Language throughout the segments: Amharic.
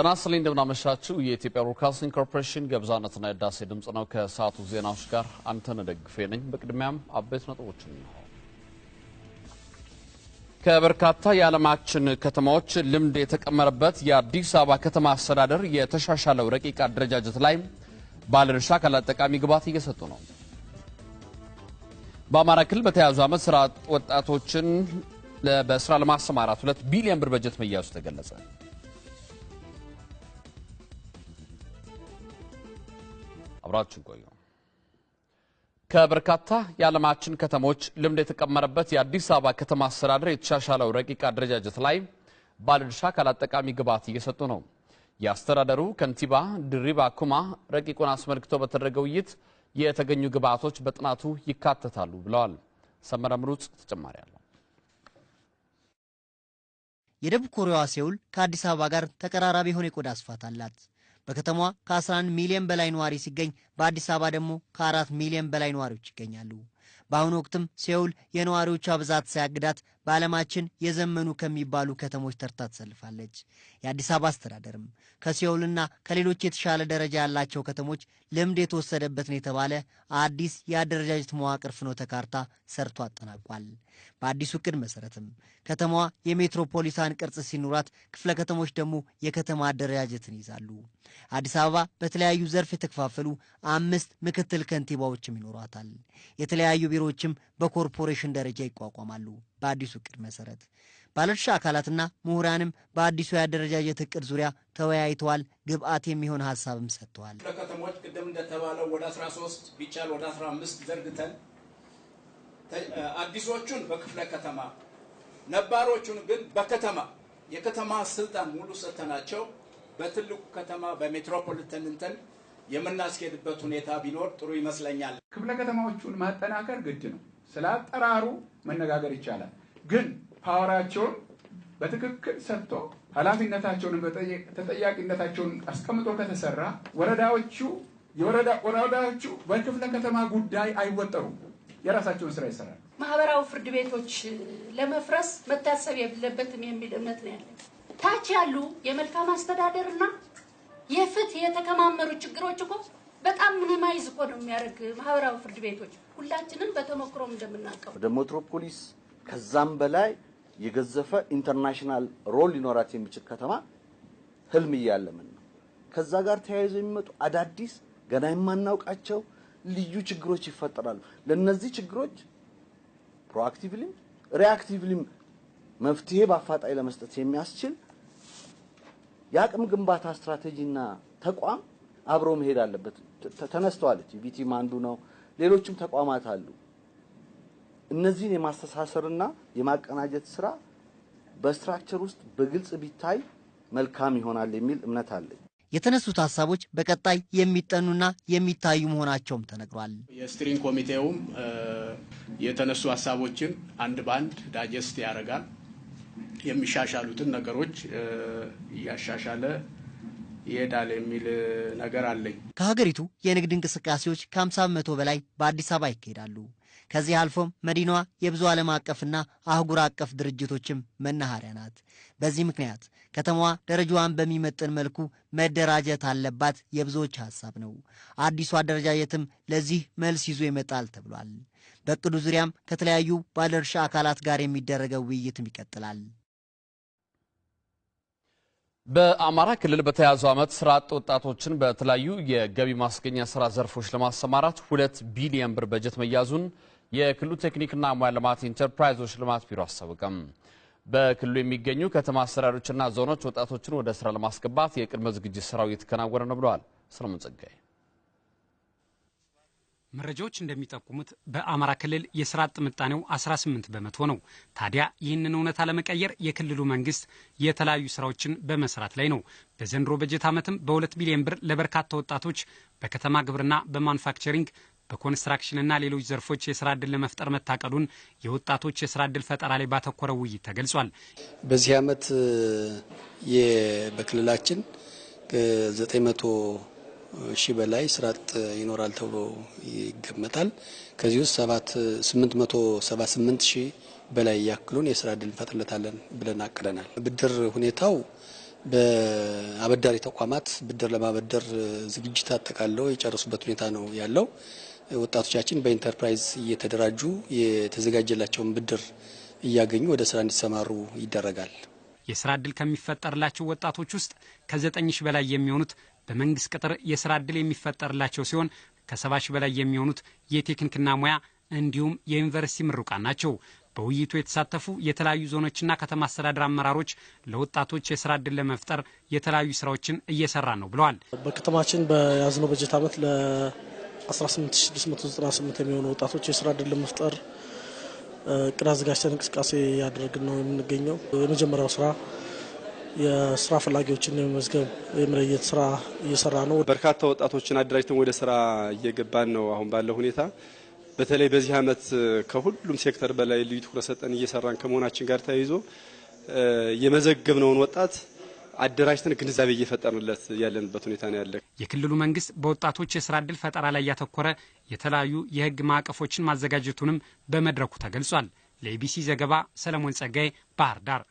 ጤና ይስጥልኝ እንደምናመሻችው የኢትዮጵያ ብሮድካስቲንግ ኮርፖሬሽን ገብዛነትና የዳሴ ድምፅ ነው። ከሰዓቱ ዜናዎች ጋር አንተነህ ደግፌ ነኝ። በቅድሚያም አበይት ነጥቦችን ነው። ከበርካታ የዓለማችን ከተማዎች ልምድ የተቀመረበት የአዲስ አበባ ከተማ አስተዳደር የተሻሻለው ረቂቅ አደረጃጀት ላይ ባለድርሻ አካላት ጠቃሚ ግብዓት እየሰጡ ነው። በአማራ ክልል በተያዙ ዓመት ስራ ወጣቶችን በስራ ለማሰማራት ሁለት ቢሊዮን ብር በጀት መያዙ ተገለጸ። አብራችን ቆዩ። ከበርካታ የዓለማችን ከተሞች ልምድ የተቀመረበት የአዲስ አበባ ከተማ አስተዳደር የተሻሻለው ረቂቅ አደረጃጀት ላይ ባለድርሻ አካላት ጠቃሚ ግብዓት እየሰጡ ነው። የአስተዳደሩ ከንቲባ ድሪባ ኩማ ረቂቁን አስመልክቶ በተደረገ ውይይት የተገኙ ግብዓቶች በጥናቱ ይካተታሉ ብለዋል። ሰመረ ምሩጽ ተጨማሪ አለው። የደቡብ ኮሪያዋ ሴውል ከአዲስ አበባ ጋር ተቀራራቢ የሆነ የቆዳ ስፋት አላት። በከተማዋ ከ11 ሚሊዮን በላይ ነዋሪ ሲገኝ በአዲስ አበባ ደግሞ ከ4 ሚሊዮን በላይ ነዋሪዎች ይገኛሉ። በአሁኑ ወቅትም ሴውል የነዋሪዎቿ ብዛት ሳያግዳት በዓለማችን የዘመኑ ከሚባሉ ከተሞች ተርታ ትሰልፋለች። የአዲስ አበባ አስተዳደርም ከሲኦልና ከሌሎች የተሻለ ደረጃ ያላቸው ከተሞች ልምድ የተወሰደበት ነው የተባለ አዲስ የአደረጃጀት መዋቅር ፍኖተ ካርታ ሰርቶ አጠናቋል። በአዲሱ እቅድ መሰረትም ከተማዋ የሜትሮፖሊታን ቅርጽ ሲኖራት፣ ክፍለ ከተሞች ደግሞ የከተማ አደረጃጀትን ይዛሉ። አዲስ አበባ በተለያዩ ዘርፍ የተከፋፈሉ አምስት ምክትል ከንቲባዎችም ይኖሯታል። የተለያዩ ቢሮዎችም በኮርፖሬሽን ደረጃ ይቋቋማሉ። በአዲሱ እቅድ መሰረት ባለድርሻ አካላትና ምሁራንም በአዲሱ የአደረጃጀት እቅድ ዙሪያ ተወያይተዋል። ግብአት የሚሆን ሀሳብም ሰጥተዋል። ከተሞች ቅድም እንደተባለው ወደ 13 ቢቻል ወደ 15 ዘርግተን አዲሶቹን በክፍለ ከተማ ነባሮቹን ግን በከተማ የከተማ ስልጣን ሙሉ ሰጥተናቸው በትልቁ ከተማ በሜትሮፖሊተን እንትን የምናስኬድበት ሁኔታ ቢኖር ጥሩ ይመስለኛል። ክፍለ ከተማዎቹን ማጠናከር ግድ ነው። ስለ አጠራሩ መነጋገር ይቻላል። ግን ፓወራቸውን በትክክል ሰጥቶ ኃላፊነታቸውን ተጠያቂነታቸውን አስቀምጦ ከተሰራ ወረዳዎቹ ወረዳዎቹ በክፍለ ከተማ ጉዳይ አይወጠሩም፣ የራሳቸውን ስራ ይሰራል። ማህበራዊ ፍርድ ቤቶች ለመፍረስ መታሰብ የለበትም የሚል እምነት ነው ያለ። ታች ያሉ የመልካም አስተዳደርና የፍትህ የተከማመሩ ችግሮች እኮ በጣም ሚኒማይዝ እኮ ነው የሚያደርግ ማህበራዊ ፍርድ ቤቶች ሁላችንም በተሞክሮም እንደምናውቀው ደግሞ ሜትሮፖሊስ ከዛም በላይ የገዘፈ ኢንተርናሽናል ሮል ሊኖራት የሚችል ከተማ ህልም እያለምን ነው። ከዛ ጋር ተያይዞ የሚመጡ አዳዲስ ገና የማናውቃቸው ልዩ ችግሮች ይፈጠራሉ። ለነዚህ ችግሮች ፕሮአክቲቭሊም ሪአክቲቭሊም መፍትሄ በአፋጣኝ ለመስጠት የሚያስችል የአቅም ግንባታ ስትራቴጂና ተቋም አብሮ መሄድ አለበት። ተነስተዋል። ቪቲም አንዱ ነው። ሌሎችም ተቋማት አሉ። እነዚህን የማስተሳሰርና የማቀናጀት ስራ በስትራክቸር ውስጥ በግልጽ ቢታይ መልካም ይሆናል የሚል እምነት አለኝ። የተነሱት ሀሳቦች በቀጣይ የሚጠኑና የሚታዩ መሆናቸውም ተነግሯል። የስትሪንግ ኮሚቴውም የተነሱ ሀሳቦችን አንድ በአንድ ዳጀስት ያደርጋል። የሚሻሻሉትን ነገሮች እያሻሻለ ይሄዳል የሚል ነገር አለኝ። ከሀገሪቱ የንግድ እንቅስቃሴዎች ከ50 በመቶ በላይ በአዲስ አበባ ይካሄዳሉ። ከዚህ አልፎም መዲናዋ የብዙ ዓለም አቀፍና አህጉር አቀፍ ድርጅቶችም መናኸሪያ ናት። በዚህ ምክንያት ከተማዋ ደረጃዋን በሚመጥን መልኩ መደራጀት አለባት የብዙዎች ሐሳብ ነው። አዲሱ አደረጃጀትም ለዚህ መልስ ይዞ ይመጣል ተብሏል። በእቅዱ ዙሪያም ከተለያዩ ባለድርሻ አካላት ጋር የሚደረገው ውይይትም ይቀጥላል። በአማራ ክልል በተያዘው ዓመት ስራ አጥ ወጣቶችን በተለያዩ የገቢ ማስገኛ ስራ ዘርፎች ለማሰማራት ሁለት ቢሊዮን ብር በጀት መያዙን የክልሉ ቴክኒክና ሙያ ልማት ኢንተርፕራይዞች ልማት ቢሮ አስታወቀም። በክልሉ የሚገኙ ከተማ አስተዳደሮችና ዞኖች ወጣቶችን ወደ ስራ ለማስገባት የቅድመ ዝግጅት ስራው እየተከናወነ ነው ብለዋል። ሰለሞን ጸጋይ መረጃዎች እንደሚጠቁሙት በአማራ ክልል የስራ አጥ ምጣኔው 18 በመቶ ነው። ታዲያ ይህንን እውነታ ለመቀየር የክልሉ መንግስት የተለያዩ ስራዎችን በመስራት ላይ ነው። በዘንድሮ በጀት ዓመትም በሁለት ቢሊዮን ብር ለበርካታ ወጣቶች በከተማ ግብርና፣ በማኑፋክቸሪንግ በኮንስትራክሽንና ሌሎች ዘርፎች የስራ ዕድል ለመፍጠር መታቀዱን የወጣቶች የስራ ዕድል ፈጠራ ላይ ባተኮረው ውይይት ተገልጿል። በዚህ ዓመት በክልላችን 900 ሺህ በላይ ስራ አጥ ይኖራል ተብሎ ይገመታል። ከዚህ ውስጥ 878 ሺህ በላይ ያክሉን የስራ እድል እንፈጥርለታለን ብለን አቅደናል። ብድር ሁኔታው በአበዳሪ ተቋማት ብድር ለማበደር ዝግጅት አጠቃለው የጨረሱበት ሁኔታ ነው ያለው። ወጣቶቻችን በኢንተርፕራይዝ እየተደራጁ የተዘጋጀላቸውን ብድር እያገኙ ወደ ስራ እንዲሰማሩ ይደረጋል። የስራ እድል ከሚፈጠርላቸው ወጣቶች ውስጥ ከዘጠኝ ሺህ በላይ የሚሆኑት በመንግስት ቅጥር የስራ ዕድል የሚፈጠርላቸው ሲሆን ከሰባ ሺህ በላይ የሚሆኑት የቴክኒክና ሙያ እንዲሁም የዩኒቨርሲቲ ምሩቃን ናቸው። በውይይቱ የተሳተፉ የተለያዩ ዞኖችና ከተማ አስተዳደር አመራሮች ለወጣቶች የስራ ዕድል ለመፍጠር የተለያዩ ስራዎችን እየሰራ ነው ብለዋል። በከተማችን በያዝነው በጀት ዓመት ለ18698 የሚሆኑ ወጣቶች የስራ ዕድል ለመፍጠር ቅድ አዘጋጅተን እንቅስቃሴ ያደረግን ነው የምንገኘው። የመጀመሪያው ስራ የስራ ፈላጊዎችን የመመዝገብ የመለየት ስራ እየሰራ ነው። በርካታ ወጣቶችን አደራጅተን ወደ ስራ እየገባን ነው። አሁን ባለው ሁኔታ በተለይ በዚህ አመት ከሁሉም ሴክተር በላይ ልዩ ትኩረት ሰጠን እየሰራን ከመሆናችን ጋር ተያይዞ የመዘገብነውን ወጣት አደራጅተን ግንዛቤ እየፈጠርንለት ያለንበት ሁኔታ ነው ያለ። የክልሉ መንግስት በወጣቶች የስራ እድል ፈጠራ ላይ ያተኮረ የተለያዩ የህግ ማዕቀፎችን ማዘጋጀቱንም በመድረኩ ተገልጿል። ለኢቢሲ ዘገባ ሰለሞን ጸጋዬ ባህር ዳር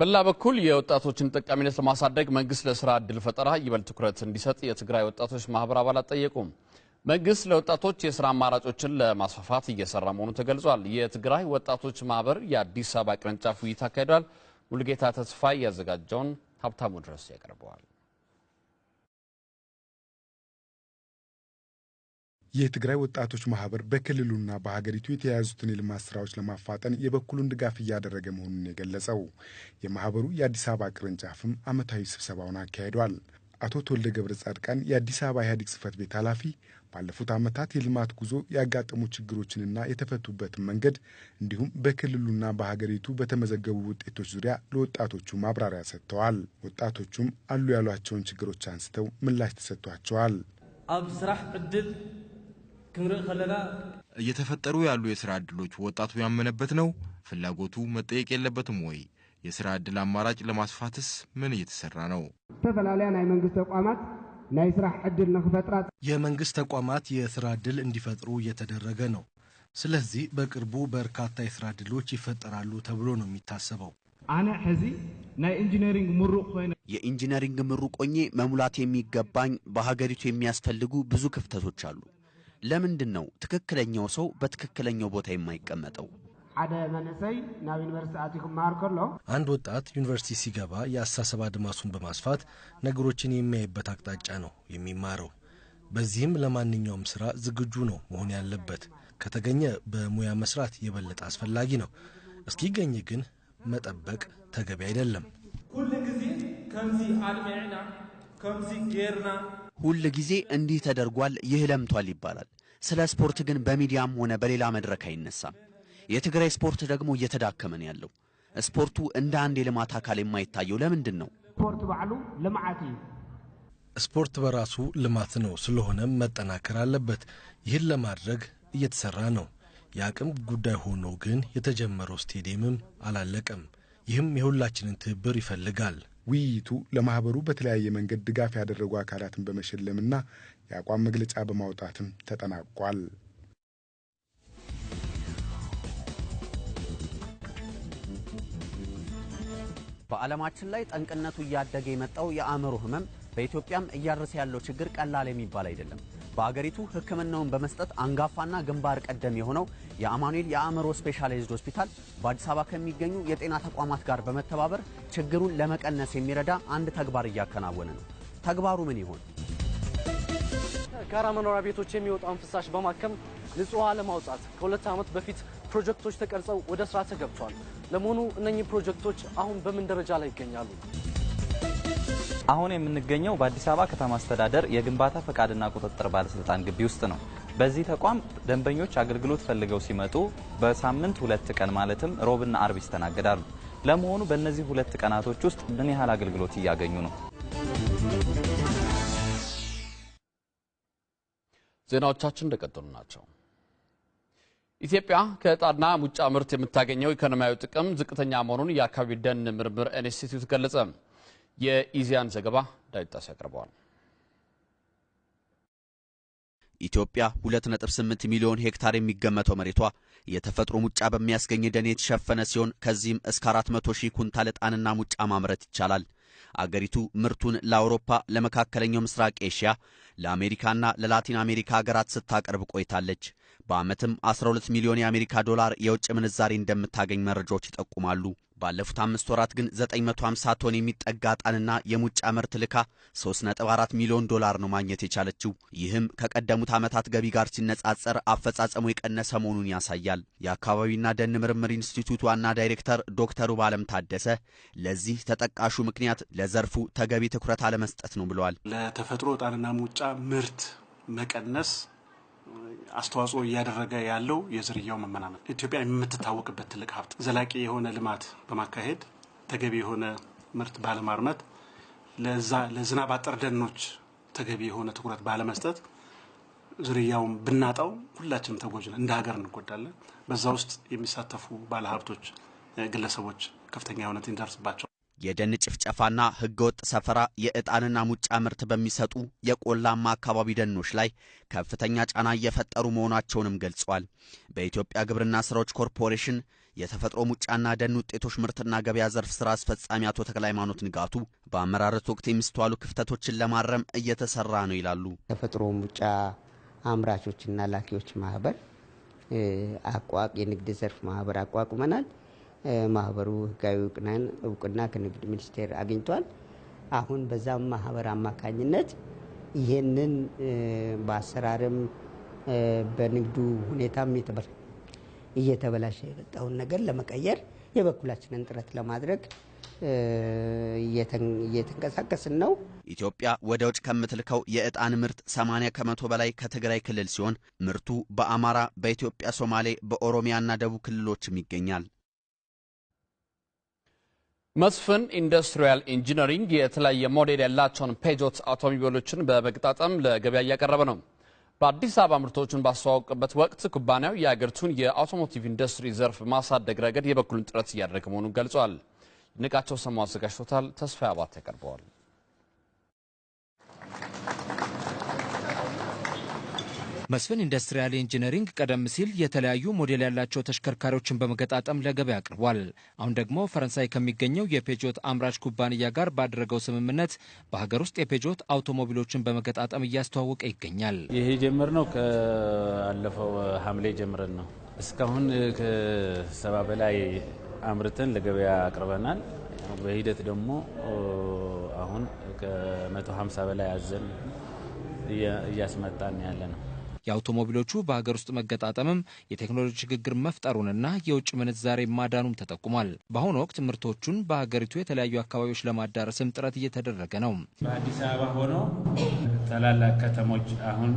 በሌላ በኩል የወጣቶችን ተጠቃሚነት ለማሳደግ መንግስት ለስራ እድል ፈጠራ ይበል ትኩረት እንዲሰጥ የትግራይ ወጣቶች ማህበር አባላት ጠየቁ። መንግስት ለወጣቶች የስራ አማራጮችን ለማስፋፋት እየሰራ መሆኑ ተገልጿል። የትግራይ ወጣቶች ማህበር የአዲስ አበባ ቅርንጫፍ ውይይት አካሂዷል። ሙልጌታ ተስፋ ያዘጋጀውን ሀብታሙ ድረስ ያቀርበዋል። የትግራይ ወጣቶች ማህበር በክልሉና በሀገሪቱ የተያያዙትን የልማት ስራዎች ለማፋጠን የበኩሉን ድጋፍ እያደረገ መሆኑን የገለጸው የማህበሩ የአዲስ አበባ ቅርንጫፍም ዓመታዊ ስብሰባውን አካሂዷል። አቶ ተወልደ ገብረ ጻድቃን የአዲስ አበባ ኢህአዴግ ጽህፈት ቤት ኃላፊ ባለፉት ዓመታት የልማት ጉዞ ያጋጠሙ ችግሮችንና የተፈቱበትን መንገድ እንዲሁም በክልሉና በሀገሪቱ በተመዘገቡ ውጤቶች ዙሪያ ለወጣቶቹ ማብራሪያ ሰጥተዋል። ወጣቶቹም አሉ ያሏቸውን ችግሮች አንስተው ምላሽ ተሰጥቷቸዋል። አብ ስራሕ ዕድል እየተፈጠሩ ያሉ የስራ እድሎች ወጣቱ ያመነበት ነው? ፍላጎቱ መጠየቅ የለበትም ወይ? የስራ እድል አማራጭ ለማስፋትስ ምን እየተሰራ ነው? ዝተፈላለያ ናይ መንግስት ተቋማት ናይ ስራ ዕድል ንክፈጥራ የመንግስት ተቋማት የስራ እድል እንዲፈጥሩ እየተደረገ ነው። ስለዚህ በቅርቡ በርካታ የስራ እድሎች ይፈጠራሉ ተብሎ ነው የሚታሰበው። አነ ሕዚ ናይ ኢንጂነሪንግ ምሩቅ ኮይነ የኢንጂነሪንግ ምሩቅ ቆኜ መሙላት የሚገባኝ በሀገሪቱ የሚያስፈልጉ ብዙ ክፍተቶች አሉ። ለምንድን ነው ትክክለኛው ሰው በትክክለኛው ቦታ የማይቀመጠው? አንድ ወጣት ዩኒቨርሲቲ ሲገባ የአስተሳሰብ አድማሱን በማስፋት ነገሮችን የሚያይበት አቅጣጫ ነው የሚማረው። በዚህም ለማንኛውም ስራ ዝግጁ ነው መሆን ያለበት። ከተገኘ በሙያ መስራት የበለጠ አስፈላጊ ነው። እስኪገኝ ግን መጠበቅ ተገቢ አይደለም። ሁል ጊዜ ከምዚ አልሚዕና ከምዚ ጌርና ሁል ጊዜ እንዲህ ተደርጓል፣ ይህ ለምቷል ይባላል። ስለ ስፖርት ግን በሚዲያም ሆነ በሌላ መድረክ አይነሳም። የትግራይ ስፖርት ደግሞ እየተዳከመ ነው ያለው። ስፖርቱ እንደ አንድ የልማት አካል የማይታየው ለምንድን ነው? ስፖርት በዓሉ ልምዓት እዩ። ስፖርት በራሱ ልማት ነው። ስለሆነም መጠናከር አለበት። ይህን ለማድረግ እየተሰራ ነው። የአቅም ጉዳይ ሆኖ ግን የተጀመረው ስቴዲየምም አላለቀም። ይህም የሁላችንን ትብብር ይፈልጋል። ውይይቱ ለማህበሩ በተለያየ መንገድ ድጋፍ ያደረጉ አካላትን በመሸለምና የአቋም መግለጫ በማውጣትም ተጠናቋል። በዓለማችን ላይ ጠንቅነቱ እያደገ የመጣው የአእምሮ ህመም በኢትዮጵያም እያደረሰ ያለው ችግር ቀላል የሚባል አይደለም። በአገሪቱ ሕክምናውን በመስጠት አንጋፋና ግንባር ቀደም የሆነው የአማኑኤል የአእምሮ ስፔሻላይዝድ ሆስፒታል በአዲስ አበባ ከሚገኙ የጤና ተቋማት ጋር በመተባበር ችግሩን ለመቀነስ የሚረዳ አንድ ተግባር እያከናወነ ነው። ተግባሩ ምን ይሆን? ከጋራ መኖሪያ ቤቶች የሚወጣውን ፍሳሽ በማከም ንጹህ ለማውጣት ከሁለት ዓመት በፊት ፕሮጀክቶች ተቀርጸው ወደ ስራ ተገብቷል። ለመሆኑ እነኚህ ፕሮጀክቶች አሁን በምን ደረጃ ላይ ይገኛሉ? አሁን የምንገኘው በአዲስ አበባ ከተማ አስተዳደር የግንባታ ፈቃድና ቁጥጥር ባለስልጣን ግቢ ውስጥ ነው። በዚህ ተቋም ደንበኞች አገልግሎት ፈልገው ሲመጡ በሳምንት ሁለት ቀን ማለትም ሮብና አርብ ይስተናገዳሉ። ለመሆኑ በእነዚህ ሁለት ቀናቶች ውስጥ ምን ያህል አገልግሎት እያገኙ ነው? ዜናዎቻችን እንደቀጠሉ ናቸው። ኢትዮጵያ ከእጣና ሙጫ ምርት የምታገኘው ኢኮኖሚያዊ ጥቅም ዝቅተኛ መሆኑን የአካባቢ ደን ምርምር ኢንስቲትዩት ገለጸ። የኢዚያን ዘገባ ዳይጣስ ያቀርበዋል። ኢትዮጵያ 2.8 ሚሊዮን ሄክታር የሚገመተው መሬቷ የተፈጥሮ ሙጫ በሚያስገኝ ደን የተሸፈነ ሲሆን ከዚህም እስከ 400 ሺህ ኩንታል ዕጣንና ሙጫ ማምረት ይቻላል። አገሪቱ ምርቱን ለአውሮፓ፣ ለመካከለኛው ምስራቅ ኤሽያ፣ ለአሜሪካና ለላቲን አሜሪካ ሀገራት ስታቀርብ ቆይታለች። በዓመትም 12 ሚሊዮን የአሜሪካ ዶላር የውጭ ምንዛሪ እንደምታገኝ መረጃዎች ይጠቁማሉ። ባለፉት አምስት ወራት ግን 950 ቶን የሚጠጋ ዕጣንና የሙጫ ምርት ልካ 3.4 ሚሊዮን ዶላር ነው ማግኘት የቻለችው። ይህም ከቀደሙት ዓመታት ገቢ ጋር ሲነጻጸር አፈጻጸሙ የቀነሰ መሆኑን ያሳያል። የአካባቢና ደን ምርምር ኢንስቲትዩት ዋና ዳይሬክተር ዶክተሩ ባለም ታደሰ ለዚህ ተጠቃሹ ምክንያት ለዘርፉ ተገቢ ትኩረት አለመስጠት ነው ብለዋል። ለተፈጥሮ ዕጣንና ሙጫ ምርት መቀነስ አስተዋጽኦ እያደረገ ያለው የዝርያው መመናመን ኢትዮጵያ የምትታወቅበት ትልቅ ሀብት ዘላቂ የሆነ ልማት በማካሄድ ተገቢ የሆነ ምርት ባለማርመት ለዛ ለዝናብ አጠር ደኖች ተገቢ የሆነ ትኩረት ባለመስጠት ዝርያውን ብናጣው ሁላችንም ተጎጅ ነን፣ እንደ ሀገር እንጎዳለን። በዛ ውስጥ የሚሳተፉ ባለሀብቶች፣ ግለሰቦች ከፍተኛ የሆነት ይደርስባቸው የደን ጭፍጨፋና ህገወጥ ሰፈራ የዕጣንና ሙጫ ምርት በሚሰጡ የቆላማ አካባቢ ደኖች ላይ ከፍተኛ ጫና እየፈጠሩ መሆናቸውንም ገልጸዋል። በኢትዮጵያ ግብርና ስራዎች ኮርፖሬሽን የተፈጥሮ ሙጫና ደን ውጤቶች ምርትና ገበያ ዘርፍ ስራ አስፈጻሚ አቶ ተክለ ሃይማኖት ንጋቱ በአመራረት ወቅት የሚስተዋሉ ክፍተቶችን ለማረም እየተሰራ ነው ይላሉ። ተፈጥሮ ሙጫ አምራቾችና ላኪዎች ማህበር አቋቅ የንግድ ዘርፍ ማህበር አቋቁመናል። ማህበሩ ህጋዊ እውቅና ከንግድ ሚኒስቴር አግኝቷል። አሁን በዛም ማህበር አማካኝነት ይህንን በአሰራርም በንግዱ ሁኔታም እየተበላሸ የመጣውን ነገር ለመቀየር የበኩላችንን ጥረት ለማድረግ እየተንቀሳቀስን ነው። ኢትዮጵያ ወደ ውጭ ከምትልከው የዕጣን ምርት 80 ከመቶ በላይ ከትግራይ ክልል ሲሆን ምርቱ በአማራ፣ በኢትዮጵያ ሶማሌ፣ በኦሮሚያና ደቡብ ክልሎችም ይገኛል። መስፍን ኢንዱስትሪያል ኢንጂነሪንግ የተለያየ ሞዴል ያላቸውን ፔጆት አውቶሞቢሎችን በመግጣጠም ለገበያ እያቀረበ ነው። በአዲስ አበባ ምርቶቹን ባስተዋወቅበት ወቅት ኩባንያው የአገሪቱን የአውቶሞቲቭ ኢንዱስትሪ ዘርፍ ማሳደግ ረገድ የበኩሉን ጥረት እያደረገ መሆኑን ገልጿል። ንቃቸው ሰማ አዘጋጅቶታል። ተስፋ አባት ያቀርበዋል። መስፍን ኢንዱስትሪያል ኢንጂነሪንግ ቀደም ሲል የተለያዩ ሞዴል ያላቸው ተሽከርካሪዎችን በመገጣጠም ለገበያ አቅርቧል። አሁን ደግሞ ፈረንሳይ ከሚገኘው የፔጆት አምራች ኩባንያ ጋር ባደረገው ስምምነት በሀገር ውስጥ የፔጆት አውቶሞቢሎችን በመገጣጠም እያስተዋወቀ ይገኛል። ይሄ ነው ከአለፈው ሐምሌ ጀምረን ነው። እስካሁን ከሰባ በላይ አምርተን ለገበያ አቅርበናል። በሂደት ደግሞ አሁን ከ150 በላይ አዘን እያስመጣን ያለ ነው። የአውቶሞቢሎቹ በሀገር ውስጥ መገጣጠምም የቴክኖሎጂ ሽግግር መፍጠሩንና የውጭ ምንዛሬ ማዳኑም ተጠቁሟል። በአሁኑ ወቅት ምርቶቹን በሀገሪቱ የተለያዩ አካባቢዎች ለማዳረስም ጥረት እየተደረገ ነው። በአዲስ አበባ ሆኖ ታላላቅ ከተሞች አሁን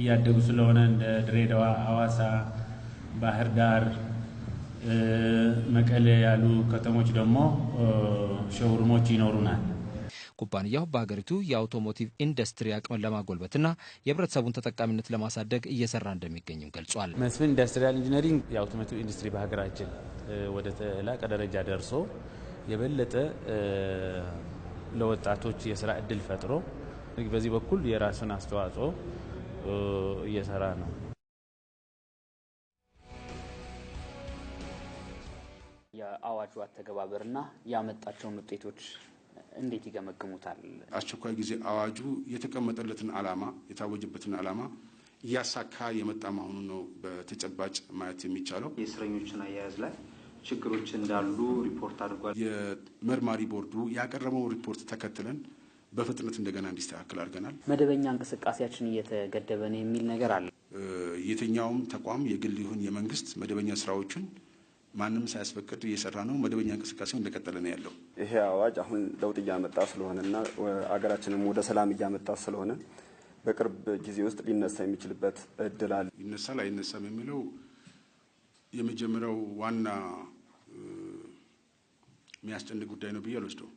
እያደጉ ስለሆነ እንደ ድሬዳዋ፣ አዋሳ፣ ባህር ዳር፣ መቀሌ ያሉ ከተሞች ደግሞ ሸውርሞች ይኖሩናል። ኩባንያው በሀገሪቱ የአውቶሞቲቭ ኢንዱስትሪ አቅምን ለማጎልበትና የህብረተሰቡን ተጠቃሚነት ለማሳደግ እየሰራ እንደሚገኝም ገልጿል። መስፍን ኢንዱስትሪያል ኢንጂነሪንግ የአውቶሞቲቭ ኢንዱስትሪ በሀገራችን ወደ ተላቀ ደረጃ ደርሶ የበለጠ ለወጣቶች የስራ እድል ፈጥሮ በዚህ በኩል የራሱን አስተዋጽኦ እየሰራ ነው። የአዋጁ አተገባበርና ያመጣቸውን ውጤቶች እንዴት ይገመግሙታል? አስቸኳይ ጊዜ አዋጁ የተቀመጠለትን ዓላማ የታወጀበትን ዓላማ እያሳካ የመጣ መሆኑን ነው በተጨባጭ ማየት የሚቻለው። የእስረኞችን አያያዝ ላይ ችግሮች እንዳሉ ሪፖርት አድርጓል። የመርማሪ ቦርዱ ያቀረበው ሪፖርት ተከትለን በፍጥነት እንደገና እንዲስተካከል አድርገናል። መደበኛ እንቅስቃሴያችን እየተገደበ ነው የሚል ነገር አለ። የትኛውም ተቋም የግል ይሁን የመንግስት መደበኛ ስራዎችን ማንም ሳያስፈቅድ እየሰራ ነው። መደበኛ እንቅስቃሴው እንደቀጠለ ነው ያለው። ይሄ አዋጅ አሁን ለውጥ እያመጣ ስለሆነና አገራችንም ወደ ሰላም እያመጣ ስለሆነ በቅርብ ጊዜ ውስጥ ሊነሳ የሚችልበት እድል አለ። ይነሳል አይነሳም የሚለው የመጀመሪያው ዋና የሚያስጨንቅ ጉዳይ ነው ብዬ አልወስደው